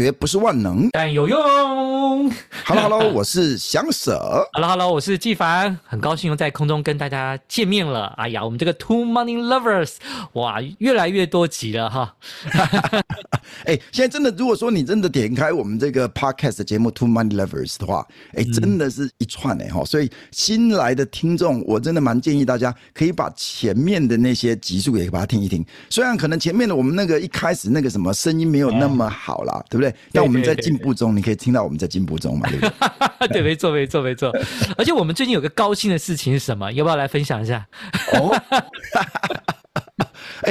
絕不是萬能，但有用。Hello，Hello，hello，我是翔 sir。Hello，Hello， hello，我是紀凡。很高興又在空中跟大家見面了。哎呀，我們這個 Two Money Lovers，哇，越來越多集了哈。哎， 現在真的，如果說你真的點開我們這個 podcast 節目 Two Money Lovers 的話，哎、欸，真的是一串哎、欸、哈、嗯。所以新來的聽眾，我真的蠻建議大家可以把前面的那些集數也把它聽一聽。雖然可能前面的我們那個一開始那個什麼聲音沒有那麼好了、嗯，對不對？但我們在進步中，你可以聽到我們在進步中嘛？對，對，對，對， 對，沒錯，沒錯，沒錯。 而且我們最近有個高興的事情是什麼？要不要來分享一下？哎、哦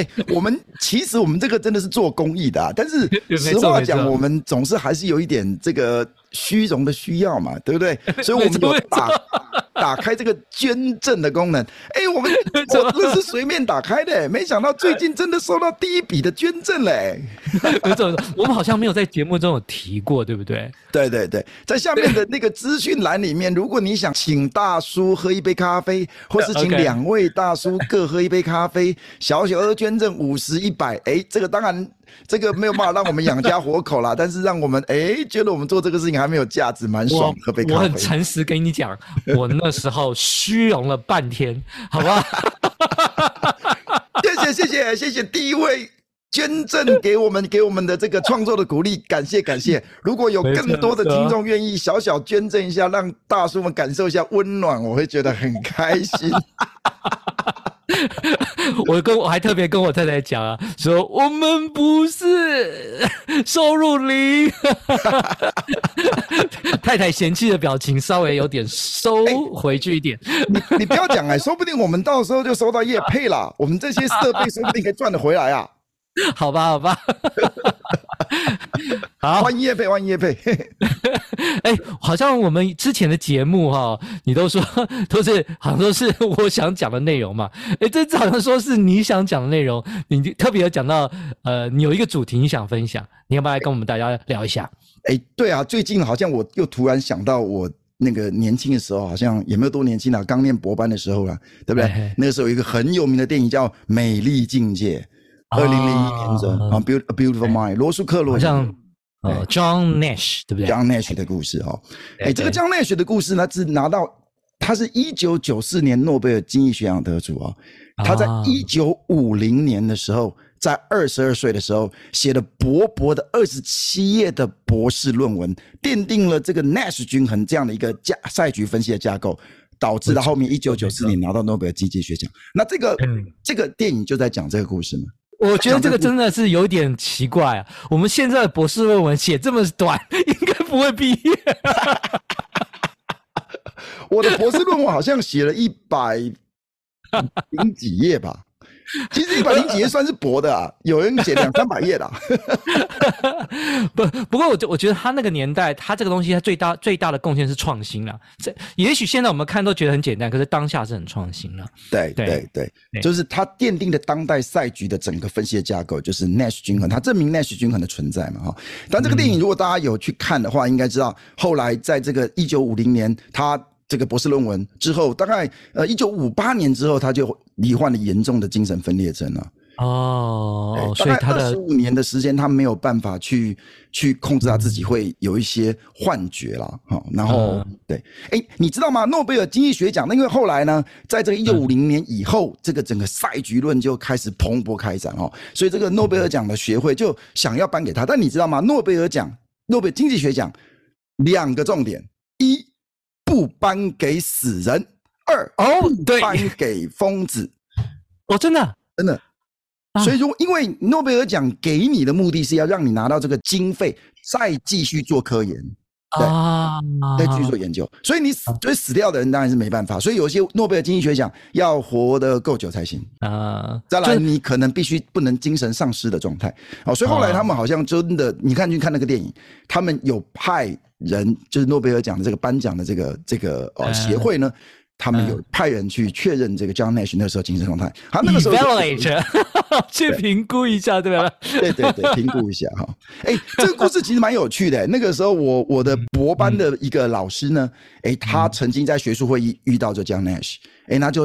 欸，我們其實我們這個真的是做公益的、啊，但是實話講， 我們總是還是有一點這個虛榮的需要嘛，對不對？所以我們都把。 打開這個捐贈的功能，哎、欸，我們我不是隨便打開的、欸，沒想到最近真的收到第一筆的捐贈嘞、欸。 我們好像沒有在節目中有提過，對不對？對對對，在下面的那個資訊欄裡面，如果你想請大叔喝一杯咖啡，或是請兩位大叔各喝一杯咖啡， okay. 小小額捐贈五十一百，哎，這個當然這個沒有辦法讓我們養家活口啦， 但是讓我們哎、欸、覺得我們做這個事情還沒有價值，蠻爽。喝杯咖啡，我很誠實跟你講，我那。 時候虛榮了半天，好吧， 謝謝謝謝謝謝，第一位捐贈給我們給我們的這個創作的鼓勵，感謝感謝。如果有更多的聽眾願意小小捐贈一下，讓大叔們感受一下溫暖，我會覺得很開心。 我跟我還特別跟我太太講啊，說我們不是收入零， 太太嫌棄的表情稍微有點收回去一點。欸、你你不要講哎、欸， 說不定我們到時候就收到業配了， 我們這些設備說不定可以賺得回來啊。好吧好吧，好，換業配，換業配。 哎、欸，好像我們之前的節目哈，你都說都是好像都是我想講的內容嘛。哎、欸，這次好像說是你想講的內容，你特別有講到呃，你有一個主題你想分享，你要不要來跟我們大家聊一下？哎、欸欸，對啊，最近好像我又突然想到我那個年輕的時候，好像也沒有多年輕了、啊，剛念博班的時候了，對不對？欸、那個時候有一個很有名的電影叫《美麗境界》，二零零一年的啊，《A Beautiful Mind、欸》，羅素克洛，好像。呃、oh，John Nash 對不對？John Nash 的故事哦，哎，這個 John Nash 的故事呢，是拿到，他是一九九四年諾貝爾經濟學獎得主哦。啊、他在一九五零年的時候，在二十二歲的時候，寫了薄薄的二十七頁的博士論文，奠定了這個 Nash 均衡這樣的一個架，賽局分析的架構，導致了後面一九九四年拿到諾貝爾經濟學獎，對對對對對。那這個、嗯、這個電影就在講這個故事嗎？我覺得這個真的是有點奇怪啊！我們現在的博士論文寫這麼短，應該不會畢業 。 我的博士論文好像寫了一百零幾頁吧。其實一百零幾頁算是薄的啊，有人寫兩三百頁的、啊 不。不不過我我我覺得他那個年代，他這個東西他最大最大的貢獻是創新了。這也許現在我們看都覺得很簡單，可是當下是很創新了。對對對，就是他奠定的當代賽局的整個分析的架構就是 Nash 均衡，他證明 Nash 均衡的存在嘛哈。但這個電影如果大家有去看的話，應該知道後來在這個一九五零年他。這個博士論文之後，大概呃一九五八年之後，他就罹患了嚴重的精神分裂症了。哦，所以他的十五年的時間，他沒有辦法去去控制他自己，會有一些幻覺啦。哈，然後對，哎，你知道嗎？諾貝爾經濟學獎，那因為後來呢，在這個一九五零年以後，這個整個賽局論就開始蓬勃開展哦，所以這個諾貝爾獎的學會就想要頒給他。但你知道嗎？諾貝爾獎、諾貝爾經濟學獎兩個重點一。不頒給死人，二，哦，對，頒給瘋子，哦，真的，真的，啊，所以說，因為諾貝爾獎給你的目的是要讓你拿到這個經費，再繼續做科研。對，在繼續、啊、做研究，所以你死，所以死掉的人當然是沒辦法，所以有些諾貝爾經濟學獎要活得夠久才行啊。就是、再來你可能必須不能精神喪失的狀態，好，所以後來他們好像真的、啊，你看去看那個電影，他們有派人，就是諾貝爾獎的這個頒獎的這個這個哦協會呢。啊他們有派人去確認這個 John Nash 那時候精神狀態，uh, 他們那個時候去評 估一下，對吧？ 啊、對對對，評估一下哈。哎、欸，這個故事其實蠻有趣的、欸。那個時候我，我我的博班的一個老師呢，哎、欸，他曾經在學術會議遇到這 John Nash。 誒，那就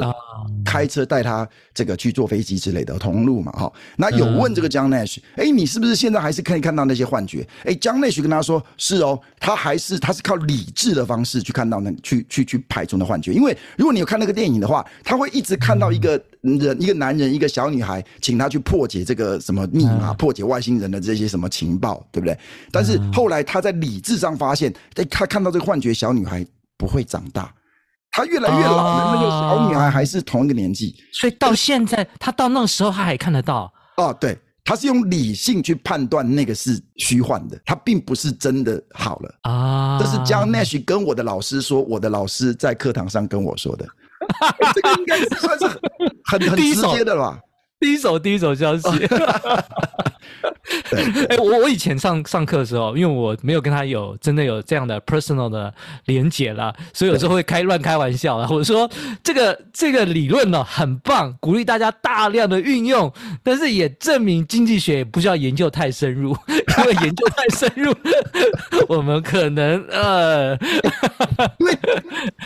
開車帶他這個去坐飛機之類的同路嘛，哈、嗯。那有問這個納許，誒，你是不是現在還是可以看到那些幻覺？誒，納許跟他說是哦，他還是他是靠理智的方式去看到那去去去排除那幻覺。因為如果你有看那個電影的話，他會一直看到一個人、嗯、一個男人一個小女孩，請他去破解這個什麼密碼，破解外星人的這些什麼情報，嗯、對不對？但是後來他在理智上發現，在他看到這個幻覺，小女孩不會長大。他越來越老了，那個小女孩還是同一個年紀，哦，所以到現在，他到那個時候，他還看得到。哦，對，他是用理性去判斷那個是虛幻的，他並不是真的好了啊、哦。這是 John Nash 跟我的老師說，我的老師在課堂上跟我說的。 哦、這個應該算是很 很，很直接的吧？第一手第一手消息。哦 哎、欸，我我以前上上課的時候，因為我沒有跟他有真的有這樣的 personal 的連結啦，所以有時候會開亂開玩笑啦，然後我說這個這個理論呢、喔、很棒，鼓勵大家大量的運用，但是也證明經濟學不需要研究太深入，因為研究太深入， 我們可能呃、欸，因為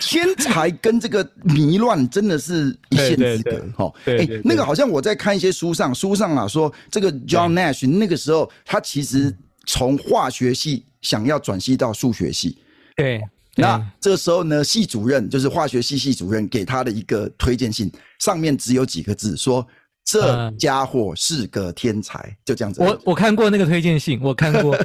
天才跟這個迷亂真的是一線之隔，哈，哎、欸，那個好像我在看一些書上，書上啊說這個 John Nash 那個。這個時候，他其實從化學系想要轉系到數學系。對，對。那這個時候呢，系主任就是化學系系主任給他的一個推薦信，上面只有幾個字，說：“這傢伙是個天才。嗯”就這樣子。我我看過那個推薦信，我看過，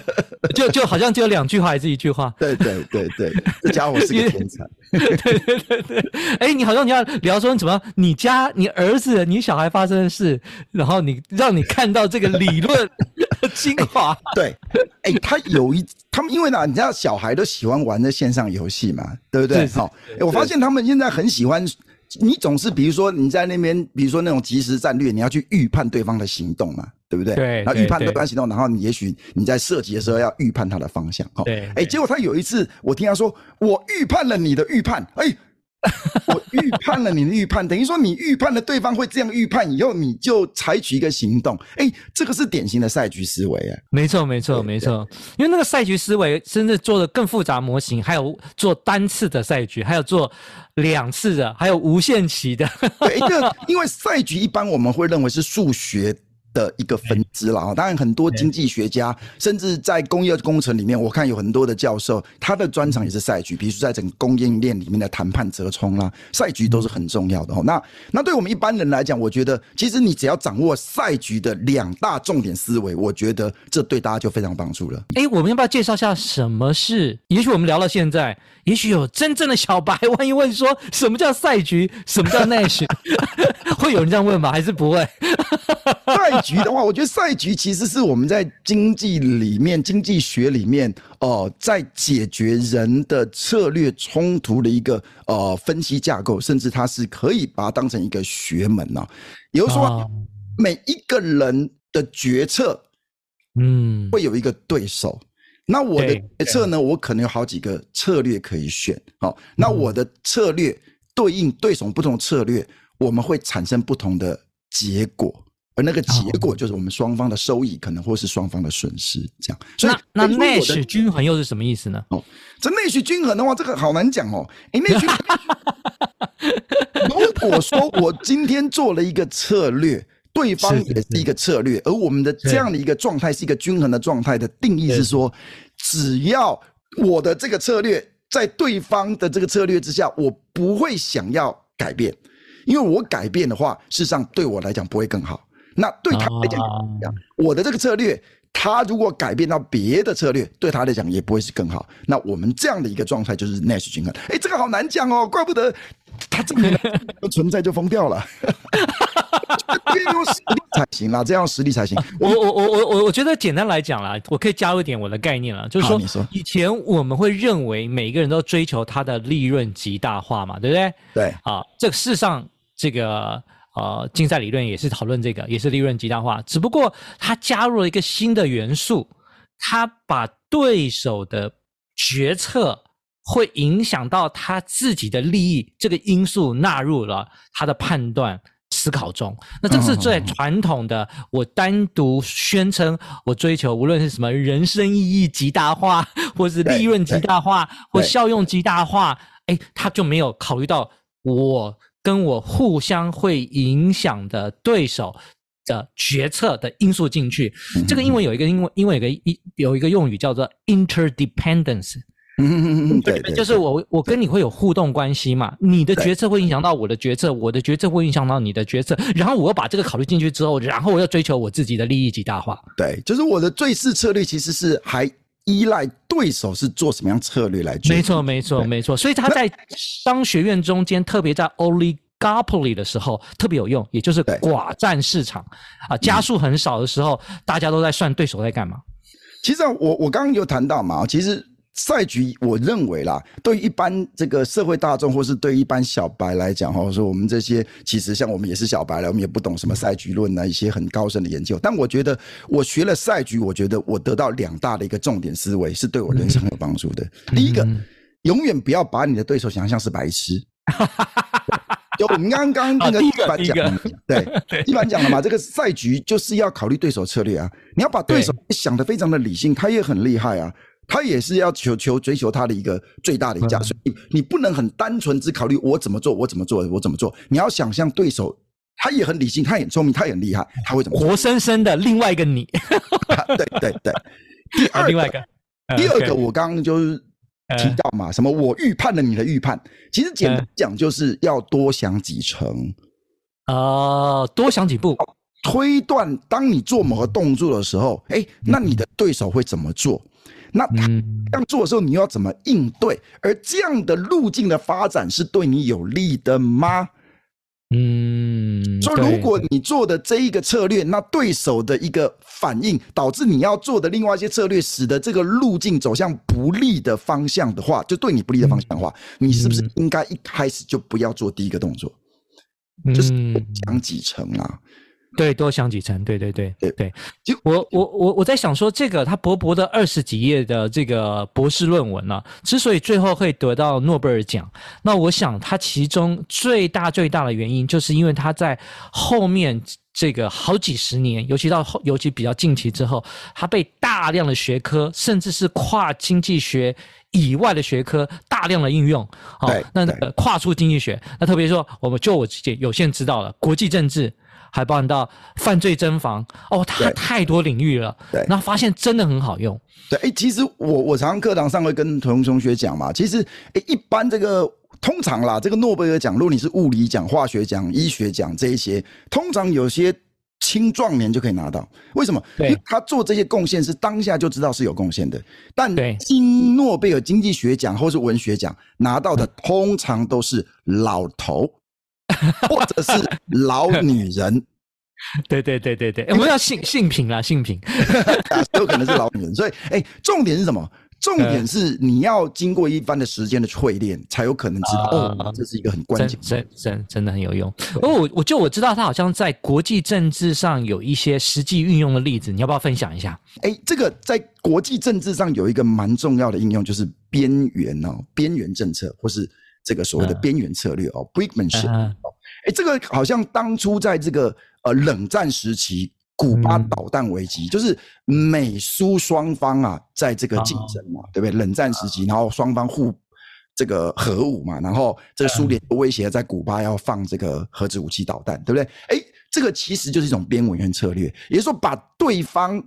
就就好像只有兩句話還是一句話。對對對對，這傢伙是個天才。 對對對對，哎、欸，你好像你要聊說你怎麼樣，你家你兒子你小孩發生的事，然後你讓你看到這個理論。 精華、欸、對，哎、欸，他有一，他們因為呢，你知道小孩都喜歡玩的線上遊戲嘛，對不對？好、喔欸，我發現他們現在很喜歡，你總是比如說你在那邊，比如說那種即時戰略，你要去預判對方的行動嘛，對不對？對，對，預判對方行動，然後你也許你在射擊的時候要預判他的方向，好、喔，對，對，對、欸，結果他有一次，我聽他說，我預判了你的預判，哎、欸。 我預判了你的預判，等於說你預判了對方會這樣預判，以後你就採取一個行動。哎、欸，這個是典型的賽局思維，哎，沒錯，沒錯，沒錯。因為那個賽局思維，甚至做的更複雜模型，還有做單次的賽局，還有做兩次的，還有無限期的。對，因為賽局一般我們會認為是數學的一個分支了啊，當然很多經濟學家，甚至在工業工程裡面，我看有很多的教授，他的專長也是賽局，比如說在整個供應鏈裡面的談判折衝啦，賽局都是很重要的哦。那那對我們一般人來講，我覺得其實你只要掌握賽局的兩大重點思維，我覺得這對大家就非常幫助了。哎、欸，我們要不要介紹一下什麼是，也許我們聊到現在，也許有真正的小白，萬一問說什麼叫賽局，什麼叫 Nash， 會有人這樣問嗎？還是不會？對。局的話，我覺得賽局其實是我們在經濟裡面、經濟學裡面哦、呃，在解決人的策略衝突的一個呃分析架構，甚至它是可以把它當成一個學門呢。比如說，每一個人的決策，嗯，會有一個對手。嗯、那我的決策呢，我可能有好幾個策略可以選。好、嗯，那我的策略對應對手不同策略，我們會產生不同的結果。而那個結果就是我們雙方的收益可能或是雙方的損失，這樣所以那。那那納許均衡又是什麼意思呢？哦，這納許均衡的話，這個好難講哦。哎，內如果說我今天做了一個策略，對方也是一個策略，是是是，而我們的這樣的一個狀態是一個均衡的狀態的定義是說，只要我的這個策略在對方的這個策略之下，我不會想要改變，因為我改變的話，事實上對我來講不會更好。那對他來講，我的這個策略，他如果改變到別的策略，對他來講也不會是更好。那我們這樣的一個狀態就是 Nash 均衡。哎，這個好難講哦，怪不得他這麼存在就瘋掉了。哈哈哈哈哈，實力才行啊，這樣實力才行。我我我我我覺得簡單來講啦，我可以加入一點我的概念啦。就是說，以前我們會認為每個人都追求他的利潤極大化嘛，對不對？對。啊，這個事實上這個。呃，競賽理論也是討論這個，也是利潤極大化，只不過他加入了一個新的元素，他把對手的決策會影響到他自己的利益這個因素納入了他的判斷思考中。那這是最傳統的，我單獨宣稱我追求無論是什麼人生意義極大化，或是利潤極大化，或效用極大化，誒、欸，他就沒有考慮到我。跟我互相會影響的對手的決策的因素進去，這個英文有一個英文英文有個一有一個用語叫做 interdependence。嗯嗯嗯，對，對，就是我我跟你會有互動關係嘛，你的決策會影響到我的決策，我的決策會影響到你的決策，然後我要把這個考慮進去之後，然後我要追求我自己的利益極大化。對，就是我的最適策略其實是還。依賴對手是做什麼樣策略，來做？沒錯，沒錯，沒錯。所以他在商學院中間，特別在 oligopoly 的時候特別有用，也就是寡占市場啊，家數很少的時候，嗯，大家都在算對手在幹嘛。其實我我剛剛有談到嘛，其實。賽局，我認為啦，對於一般這個社會大眾，或是對一般小白來講，齁，說我們這些其實像我們也是小白了，我們也不懂什麼賽局論吶，一些很高深的研究。但我覺得，我學了賽局，我覺得我得到兩大的一個重點思維，是對我人生很有幫助的。第一個，永遠不要把你的對手想象是白痴。 就我們剛剛那個一般講，對，一般講的嘛，這個賽局就是要考慮對手策略啊，你要把對手想得非常的理性，他也很厲害啊。他也是要求求追求他的一個最大的價值，你不能很單純只考慮我怎麼做，我怎麼做，我怎麼做。你要想象對手，他也很理性，他也很聰明，他也很厲害，他會怎麼？活生生的另外一個你。 啊、對對對、 啊， 第二個，啊，另外一個 uh, okay. 第二個，我剛剛就是提到嘛，uh, 什麼我預判了你的預判，其實簡單講就是要多想幾層啊，uh, 多想幾步，推斷當你做某個動作的時候，哎、欸，那你的對手會怎麼做？那他這樣做的時候，你又要怎麼應對、嗯？而這樣的路徑的發展是對你有利的嗎？嗯，說如果你做的這一個策略，那對手的一個反應，導致你要做的另外一些策略，使得這個路徑走向不利的方向的話，就對你不利的方向的話，嗯、你是不是應該一開始就不要做第一個動作？嗯、就是講幾層啦，、啊。對，多想幾層，對對對對對。對就我我我我在想說，這個他薄薄的二十幾頁的這個博士論文呢、啊，之所以最後會得到諾貝爾獎，那我想他其中最大最大的原因，就是因為他在後面這個好幾十年，尤其到後尤其比較近期之後，他被大量的學科，甚至是跨經濟學以外的學科大量的應用。好、哦，那個跨出經濟學，那特別說，我們就我自己有限知道了，國際政治。還包含到犯罪偵防哦，他太多領域了。對，然後發現真的很好用。對，哎、欸，其實我我常常課堂上會跟同同學講嘛，其實哎、欸，一般這個通常啦，這個諾貝爾獎，如果你是物理獎、化學獎、醫學獎這一些，通常有些青壯年就可以拿到。為什麼？因為他做這些貢獻是當下就知道是有貢獻的，但經諾貝爾經濟學獎或是文學獎拿到的，通常都是老頭。 或者是老女人，對 對對對對， 我們要性性 平啦，性平，有、 啊、可能是老女人。所以、欸，重點是什麼？重點是你要經過一番的時間的淬煉，才有可能知道哦、啊。這是一個很關鍵，真真真，真的很有用。哦，我我就我知道，他好像在國際政治上有一些實際運用的例子，你要不要分享一下？哎、欸，這個在國際政治上有一個蠻重要的應用，就是邊緣哦，邊緣政策或是。這個所謂的邊緣策略哦，brinkmanship 哦，哎、嗯嗯欸，這個好像當初在這個呃冷戰時期，古巴導彈危機、嗯，就是美蘇雙方啊在這個競爭嘛、嗯，對不對？冷戰時期，嗯、然後雙方互這個核武嘛，然後這個蘇聯威脅在古巴要放這個核子武器導彈，對不對？哎、欸，這個其實就是一種邊緣策略，也就是說把對方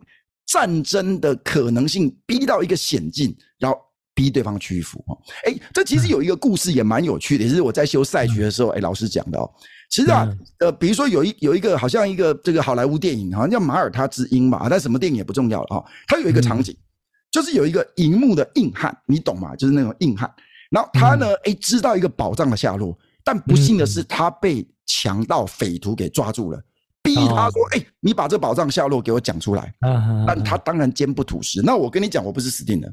戰爭的可能性逼到一個險境，然後逼對方屈服啊、欸！這其實有一個故事也蠻有趣的，也是我在修賽局的時候，哎、欸，老師講的哦、喔。其實啊、嗯，呃，比如說有一有一個好像一個這個好萊塢電影，好像叫《馬耳他之鷹》吧，但什麼電影也不重要了啊。它有一個場景，嗯、就是有一個銀幕的硬漢，你懂嗎？就是那種硬漢。然後他呢，哎、嗯欸，知道一個寶藏的下落，但不幸的是，他被強盜匪徒給抓住了，嗯、逼他說：“哎、哦欸，你把這寶藏下落給我講出來。嗯”但他當然堅不吐實、嗯。那我跟你講，我不是死定了。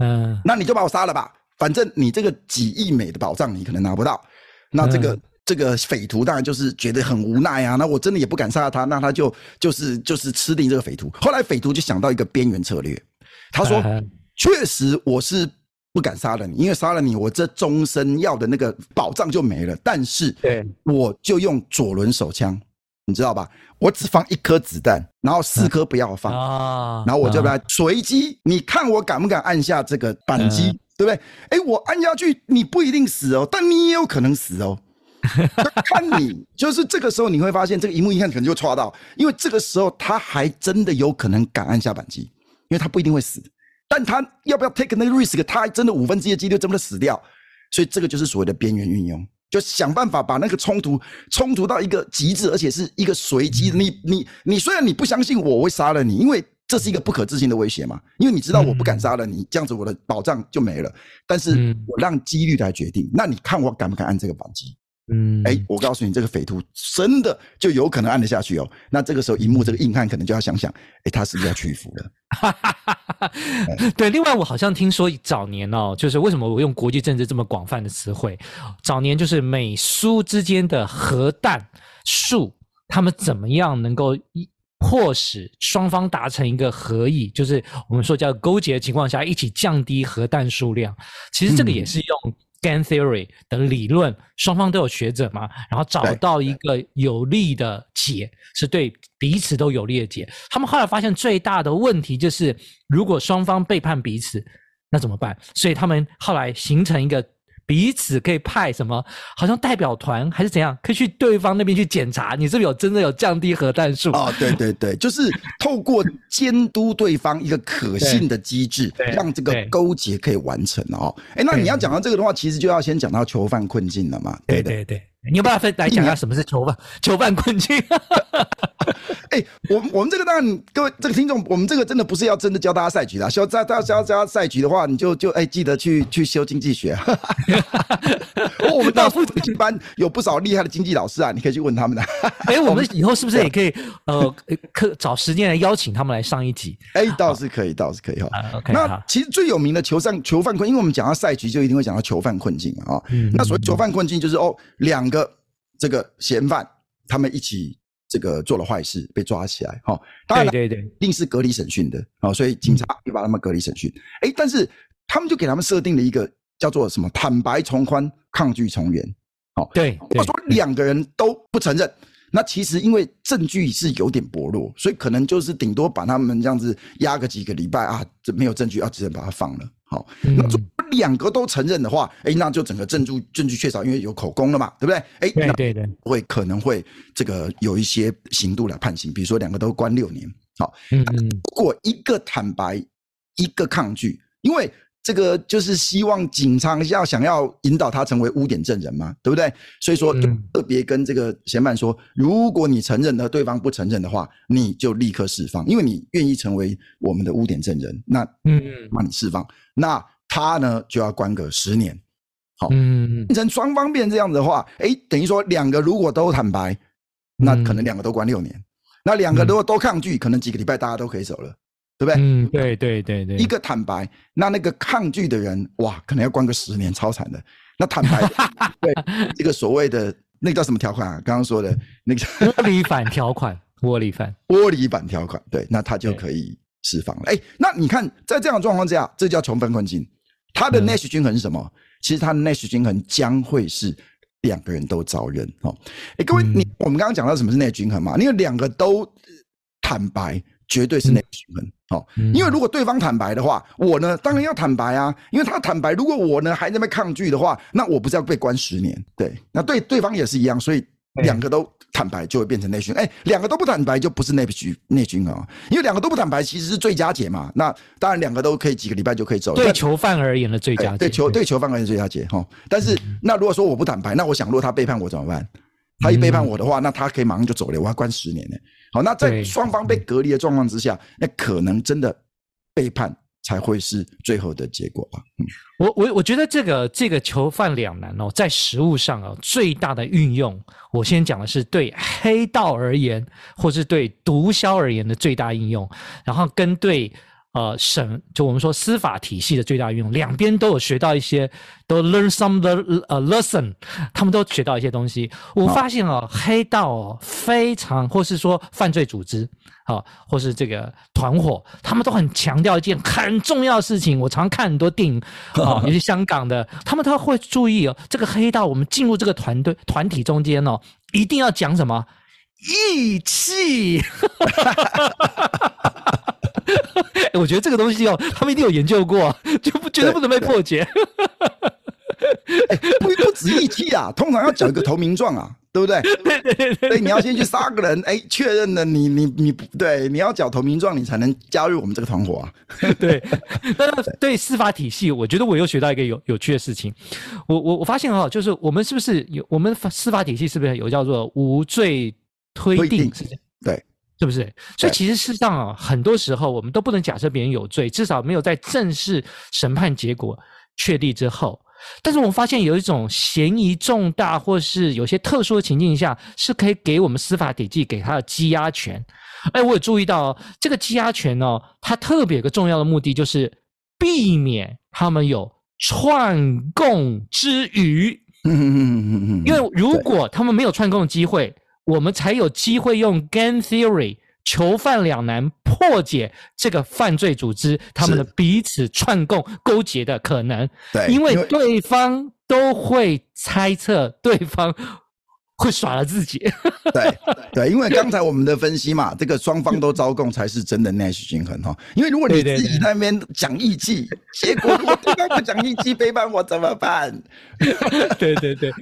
嗯，那你就把我殺了吧，反正你這個幾億美的寶藏你可能拿不到。那這個這個匪徒當然就是覺得很無奈啊，那我真的也不敢殺了他，那他就就是就是吃定這個匪徒。後來匪徒就想到一個邊緣策略，他說：“啊，確實我是不敢殺了你，因為殺了你，我這終身要的那個寶藏就沒了。但是，對，我就用左輪手槍。”你知道吧？我只放一顆子彈，然後四顆不要放、嗯，然後我就來隨機。你看我敢不敢按下這個扳機、嗯，對不對？哎、欸，我按下去，你不一定死哦，但你也有可能死哦。 看你就是這個時候，你會發現這個一幕一看可能就戳到，因為這個時候他還真的有可能敢按下扳機，因為他不一定會死，但他要不要 take 那個 risk，他還真的五分之一的幾率真的死掉，所以這個就是所謂的邊緣運用。就想辦法把那個衝突衝突到一個極致，而且是一個隨機的。你你你，你雖然你不相信我，我會殺了你，因為這是一個不可置信的威脅嘛。因為你知道我不敢殺了你、嗯，這樣子我的保障就沒了。但是我讓幾率來決定、嗯，那你看我敢不敢按這個扳機？嗯，哎，我告訴你，這個匪徒真的就有可能按得下去哦。那這個時候，螢幕這個硬漢可能就要想想，哎、欸，他是不是要屈服了？ 欸、 對。另外，我好像聽說早年哦、喔，就是為什麼我用國際政治這麼廣泛的詞彙，早年就是美蘇之間的核彈數，他們怎麼樣能夠迫使雙方達成一個合議，就是我們說叫勾結的情況下一起降低核彈數量？其實這個也是用、嗯。Game theory 的理論，雙方都有學者嘛，然後找到一個有利的解，是對彼此都有利的解。他們後來發現最大的問題就是，如果雙方背叛彼此，那怎麼辦？所以他們後來形成一個。彼此可以派什麼？好像代表團還是怎樣？可以去對方那邊去檢查，你是不是有真的有降低核彈數？啊、哦，對對對，就是透過監督對方一個可信的機制， 讓這個勾結可以完成哦。哎、欸，那你要講到這個的話，其實就要先講到囚犯困境了嘛。對對對，對，對，對你有，有辦法分來講一下什麼是囚犯、欸、囚犯困境？ 哎、欸，我我們這個當然，各位這個聽眾，我們這個真的不是要真的教大家賽局的，教大家教大家賽局的話，你就就哎、欸，記得去去修經濟學。 我，我們的複讀班有不少厲害的經濟老師啊，你可以去問他們的。哎、欸，我們以後是不是也可以 呃，可找時間來邀請他們來上一集？哎、欸，倒是可以，哦、倒是可以哈、哦。啊、okay, 那其實最有名的囚上囚犯困，因為我們講到賽局，就一定會講到囚犯困境啊、哦嗯。那所謂囚犯困境就是哦、嗯，兩個這個嫌犯他們一起。這個做了壞事被抓起來，哈、哦，當然了，一定是隔離審訊的啊、哦，所以警察就把他們隔離審訊。哎、欸，但是他們就給他們設定了一個叫做什麼“坦白從寬，抗拒從嚴”哦。對，對，我說兩個人都不承認，對對對，那其實因為證據是有點薄弱，所以可能就是頂多把他們這樣子壓個幾個禮拜啊，這沒有證據啊，只能把他放了。好、哦，嗯、那做。兩個都承認的話，誒，那就整個證據證據確鑿，因為有口供了嘛，對不對？哎，對對對，會可能會這個有一些刑度來判刑，比如說兩個都關六年。好，嗯、嗯，如果一個坦白，一個抗拒，因為這個就是希望警察要想要引導他成為污點證人嘛，對不對？所以說就特別跟這個嫌犯說，如果你承認了對方不承認的話，你就立刻釋放，因為你願意成為我們的污點證人，那嗯，幫你釋放，嗯嗯，那。他呢就要關個十年、嗯，好，變成雙方變這樣子的話，哎，等於說兩個如果都坦白，那可能兩個都關六年；那兩個如果都抗拒，可能幾個禮拜大家都可以走了，對不對？嗯，對對對對。一個坦白，那那個抗拒的人，哇，可能要關個十年，超慘的。那坦白，對， 一個所謂的那個叫什麼條款啊？剛剛說的那個叫 窩裡反條款，窩裡反，窩裡反條款，對，那他就可以釋放了。哎，那你看在這樣的狀況之下，這叫囚犯困境。他的納許均衡是什麼？嗯、其實他的納許均衡將會是兩個人都招認哦。誒、喔，欸、各位、嗯，你我們剛剛講到什麼是納許均衡嘛？因為兩個都坦白，絕對是納許均衡哦、喔嗯。因為如果對方坦白的話，我呢當然要坦白啊。因為他坦白，如果我呢還在那邊抗拒的話，那我不是要被關十年？對，那對對方也是一樣，所以。兩個都坦白就會變成納許均衡，哎、欸，兩個都不坦白就不是內不局納許均衡啊，因為兩個都不坦白其實是最佳解嘛。那當然兩個都可以幾個禮拜就可以走。對囚、欸、犯而言的最佳解，對囚對囚犯而言最佳解哈。但是、嗯、那如果說我不坦白，那我想如果他背叛我怎麼辦？他一背叛我的話，嗯、那他可以馬上就走了，我還關十年呢、欸。好，那在雙方被隔離的狀況之下，那可能真的背叛。才會是最後的結果吧。嗯、我我我覺得這個這個囚犯兩難哦，在實務上哦，最大的運用，我先講的是對黑道而言，或是對毒梟而言的最大應用，然後跟對。呃，審就我們說司法體系的最大運用，兩邊都有學到一些，都 learn some the le 呃、uh, lesson，他們都學到一些東西。我發現哦，黑道、哦、非常，或是說犯罪組織，啊、哦，或是這個團夥，他們都很強調一件很重要的事情。我常看很多電影，啊、哦，尤其香港的，他們都會注意哦，這個黑道我們進入這個團隊團體中間哦，一定要講什麼義氣。 欸、我覺得這個東西哦、喔，他們一定有研究過、啊，就不絕對不能被破解。 欸、不不止一期啊，通常要繳一個投名狀啊，對不對？ 對,對,對,對,對你要先去殺個人，哎，確認了你你你對，你要繳投名狀，你才能加入我們這個團夥啊。對,對， 對,對,對司法體系，我覺得我又學到一個有有趣的事情。我我我發現哈、啊，就是我們是不是有我們司法體系是不是有叫做無罪推定？對。是不是？所以其實事實上啊、哦，很多時候我們都不能假設別人有罪，至少沒有在正式審判結果確立之後。但是我們發現有一種嫌疑重大，或是有些特殊的情境下，是可以給我們司法體系給他的羈押權。哎，我有注意到，這個羈押權呢、哦，它特別有個重要的目的就是避免他們有串供之餘， 因為如果他們沒有串供的機會。我們才有機會用 game theory 囚犯兩難破解這個犯罪組織他們的彼此串供勾結的可能。對，因為對方都會猜測對方會耍了自己。對 對,對，因為剛才我們的分析嘛， 這個雙方都招供才是真的 Nash 均衡 因為如果你自己在那邊講義氣，結果對方不講義氣 背叛我怎麼辦？對對對。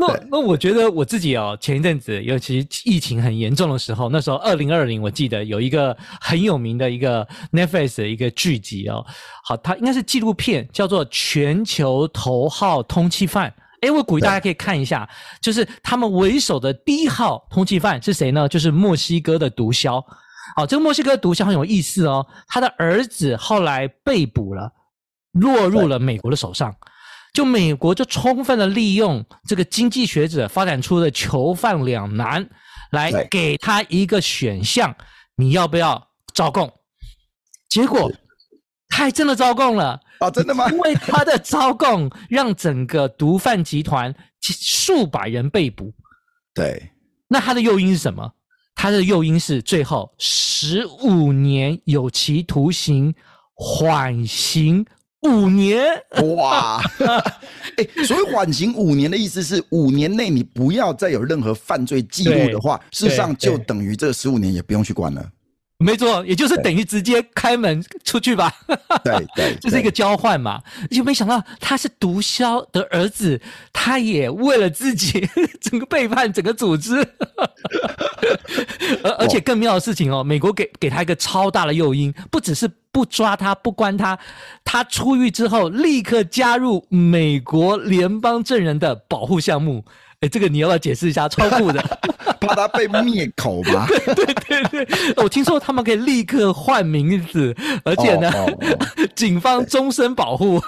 那那我覺得我自己哦，前一陣子，尤其疫情很嚴重的時候，那時候二零二零，我記得有一個很有名的一個 Netflix 的一個劇集哦，好，它應該是紀錄片，叫做《全球頭號通緝犯》欸。哎，我鼓勵大家可以看一下，就是他們為首的第一號通緝犯是誰呢？就是墨西哥的毒梟。好，這個墨西哥毒梟很有意思哦，他的兒子後來被捕了，落入了美國的手上。就美國就充分的利用這個經濟學者發展出的囚犯兩難，來給他一個選項，你要不要招供？結果，他還真的招供了啊！真的嗎？因為他的招供讓整個毒販集團數百人被捕。對，那他的誘因是什麼？他的誘因是最後十五年有期徒刑緩刑。五年哇！哎、 欸，所以緩刑五年的意思是，五年內你不要再有任何犯罪記錄的話，事實上就等於這十五年也不用去管了。沒錯，也就是等於直接開門出去吧，對，這 是一個交換嘛？就沒想到他是毒梟的兒子，他也為了自己整個背叛整個組織。而 而且更妙的事情哦，美國給給他一個超大的誘因，不只是不抓他、不關他，他出獄之後立刻加入美國聯邦證人的保護項目。哎、欸，這個你要不要解釋一下？超酷的， 怕他被滅口嗎？ 對對對，我聽說他們可以立刻換名字， 而且呢，警方終身保護。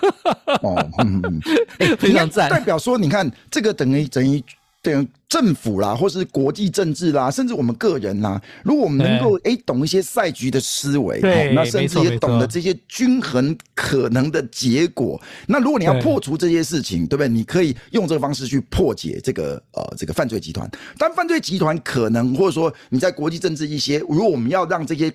哦， 哦嗯嗯嗯欸、非常讚。代表說，你看，這個等於等於。對，政府啦，或是國際政治啦，甚至我們個人啦。如果我們能夠哎、嗯、懂一些賽局的思維、哦，那甚至也懂得這些均衡可能的結果。那如果你要破除這些事情對，對不對？你可以用這個方式去破解這個呃這個犯罪集團。但犯罪集團可能，或者說你在國際政治一些，如果我們要讓這些。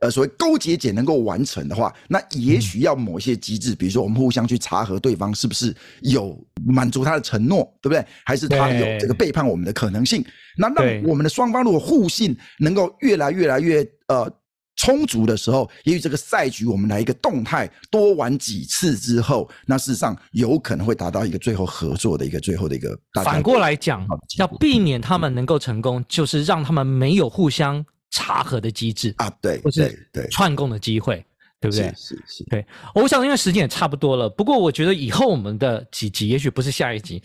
呃，所謂勾結解能夠完成的話，那也許要某些機制、嗯，比如說我們互相去查核對方是不是有滿足他的承諾，對不對？還是他有這個背叛我們的可能性？那讓我們的雙方如果互信能夠越來越來越呃充足的時候，也許這個賽局我們來一個動態，多玩幾次之後，那事實上有可能會達到一個最後合作的一個最後的一個的。反過來講，要避免他們能夠成功，就是讓他們沒有互相。查核的機制的啊，對，對是串供的機會，對不對？是是、是。對我想，因為時間也差不多了。不過，我覺得以後我們的幾集，也許不是下一集。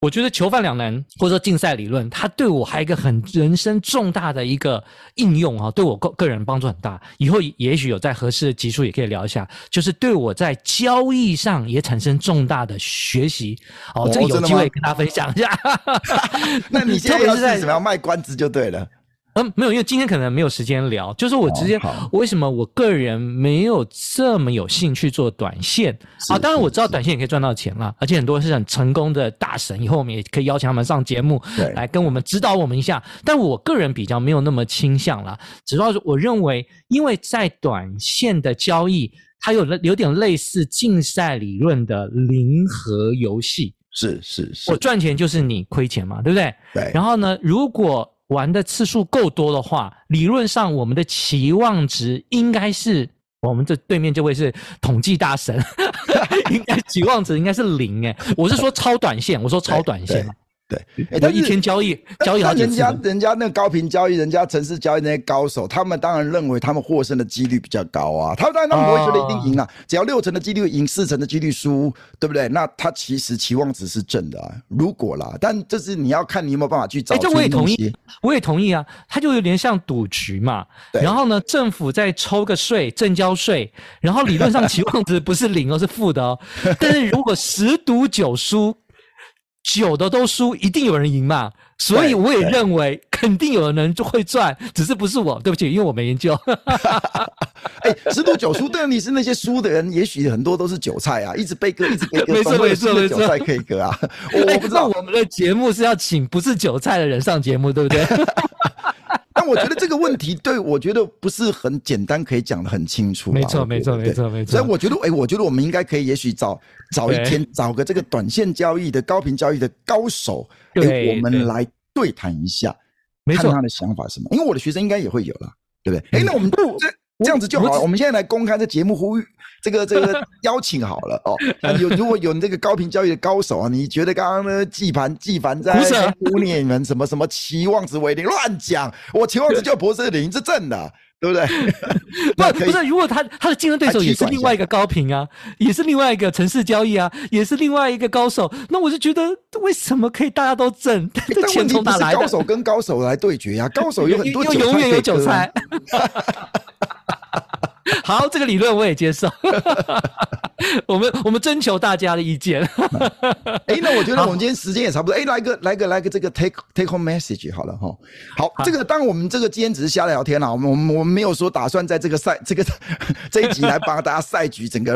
我覺得囚犯兩難，或者說競賽理論，它對我還有一個很人生重大的一個應用啊、哦，對我個個人幫助很大。以後也許有在合適的集數，也可以聊一下，就是對我在交易上也產生重大的學習。哦，哦這個有機會跟大家分享一下。哦、 那你現在是是什麼要賣關子就對了。嗯，沒有，因為今天可能沒有時間聊。就是我直接，為什麼我個人沒有這麼有興趣做短線啊？當然我知道短線也可以賺到錢了，而且很多是很成功的大神，以後我們也可以邀請他們上節目來跟我們指導我們一下。但我個人比較沒有那麼傾向啦，只要是我認為，因為在短線的交易，它有了有點類似競賽理論的零和遊戲，是是是，我賺錢就是你虧錢嘛，對不對？對。然後呢，如果玩的次數夠多的話，理論上我們的期望值應該是，我們這對面這位是統計大神， 應該期望值應該是零誒、欸，我是說超短線， 我說超短線。對對對，他、欸、一天交易，交易好幾次，人家，人家那高頻交易，人家城市交易那些高手，他們當然認為他們獲勝的幾率比較高啊。他們在那博，說的一定贏了，啊呃，只要六成的幾率贏，贏四成的幾率輸，對不對？那他其實期望值是正的啊。如果啦，但這是你要看你有沒有辦法去找。哎、欸，這我也同意，我也同意啊。他就有點像賭局嘛。然後呢，政府再抽個稅，證交稅，然後理論上期望值不是零而是負的哦。 但是如果十賭九輸。九的都輸，一定有人贏嘛，所以我也認為肯定有人就會賺，只是不是我，對不起，因為我沒研究。哎、 欸，十賭九輸， 但你是那些輸的人，也許很多都是韭菜啊，一直被割，一直被割，沒錯，沒錯，韭菜可以割啊。 欸、我不知道我們的節目是要請不是韭菜的人上節目， 對不對？ 我覺得這個問題對我覺得不是很簡單，可以講得很清楚吧。沒錯，沒錯，沒錯，沒錯。所以我覺得，誒、欸，我覺得我們應該可以也，也許找找一天，找個這個短線交易的高頻交易的高手，對、欸、對我們來對談一下，看他的想法是什麼。因為我的學生應該也會有啦，對不對？誒、欸，那我們這。嗯這樣子就好了。我們現在來公開這節目呼籲，這個這個邀請好了哦、喔。那有如果有你這個高頻交易的高手啊，你覺得剛剛的季凡季凡在忽略你們什麼什麼期望值為零亂講，我期望值就不是零，是正的，對不對 ？不 不是、啊，如果他他的競爭對手也是另外一個高頻啊，也是另外一個城市交易啊，也是另外一個高手，那我就覺得為什麼可以大家都掙？這錢從哪來？欸、高手跟高手來對決呀、啊，高手有很多，永遠有韭菜。 好，這個理論我也接受。 我們我們徵求大家的意見。哎、 嗯欸，那我覺得我們今天時間也差不多。哎、欸，來個來個來個這個 take take home message 好了哈、哦。好，啊、這個當然我們這個今天只是瞎聊天，我們我們沒有說打算在這個賽這個這一集來幫大家賽局整個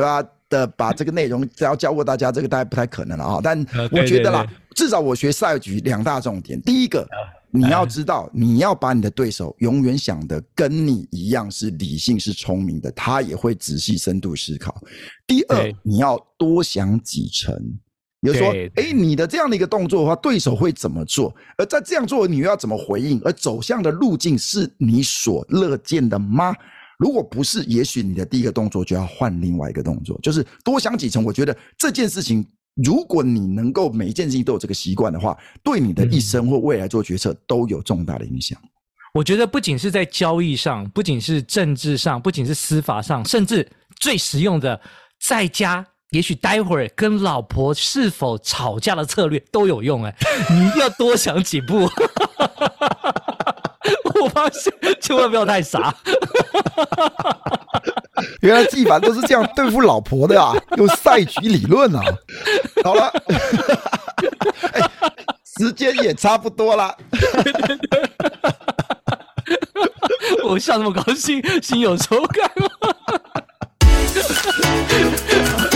的 把這個內容要教，教過大家，這個大家不太可能了啊、哦。但我覺得啦、啊對對對，至少我學賽局兩大重點，第一個。啊你要知道，你要把你的對手永遠想的跟你一樣是理性、是聰明的，他也會仔細、深度思考。第二，你要多想幾層，比如說，誒，你的這樣的一個動作的話，對手會怎麼做？而在這樣做，你又要怎麼回應？而走向的路徑是你所樂見的嗎？如果不是，也許你的第一個動作就要換另外一個動作，就是多想幾層。我覺得這件事情。如果你能夠每一件事情都有這個習慣的話，對你的一生或未來做決策都有重大的影響。嗯。我覺得不僅是在交易上，不僅是政治上，不僅是司法上，甚至最實用的，在家也許待會兒跟老婆是否吵架的策略都有用，欸。哎，你一定要多想幾步。 我發現，千萬不要太傻。 原來基本都是這樣對付老婆的呀，啊，用賽局理論啊。好了，哎，時間也差不多了 我笑那麼高興，心有愁感嗎？